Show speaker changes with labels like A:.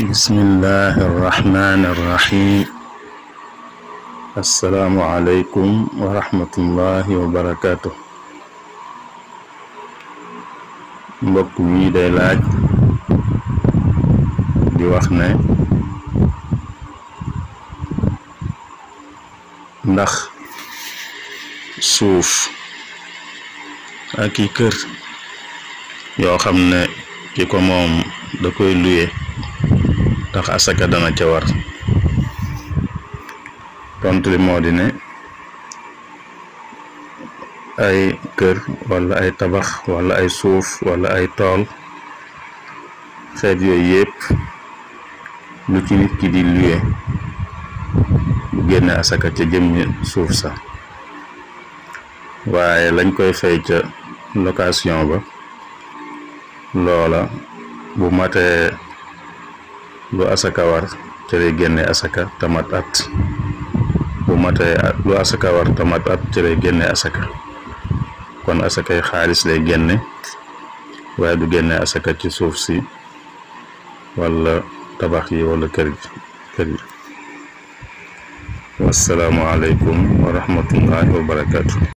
A: bismillahi arrahmani arrahim assalaamu aleykum wa rahmatullahi wa barakaatu mbokk mi day laaj di wax ne ndax suuf ak i yoo xam ne ki ko moom da koy luye ndax asaka dana ca war tontu li moo ay kër walla ay tabax walla ay suuf walla ay tool xeet yooyu yépp lu ci nit ki di luye bu génne asaka ca jëmmi suuf sa waaye lañ koy fay ca location ba loola bu matee lu asaka war ca lay génne asaka tamat at bu matee lu asaka war tamat at ca lay asaka kon asakay xaalis lay génne waaye du génne asaka ci suuf si wala tabax yi wala kër gi kër yi wassalaamu wa rahmatullahi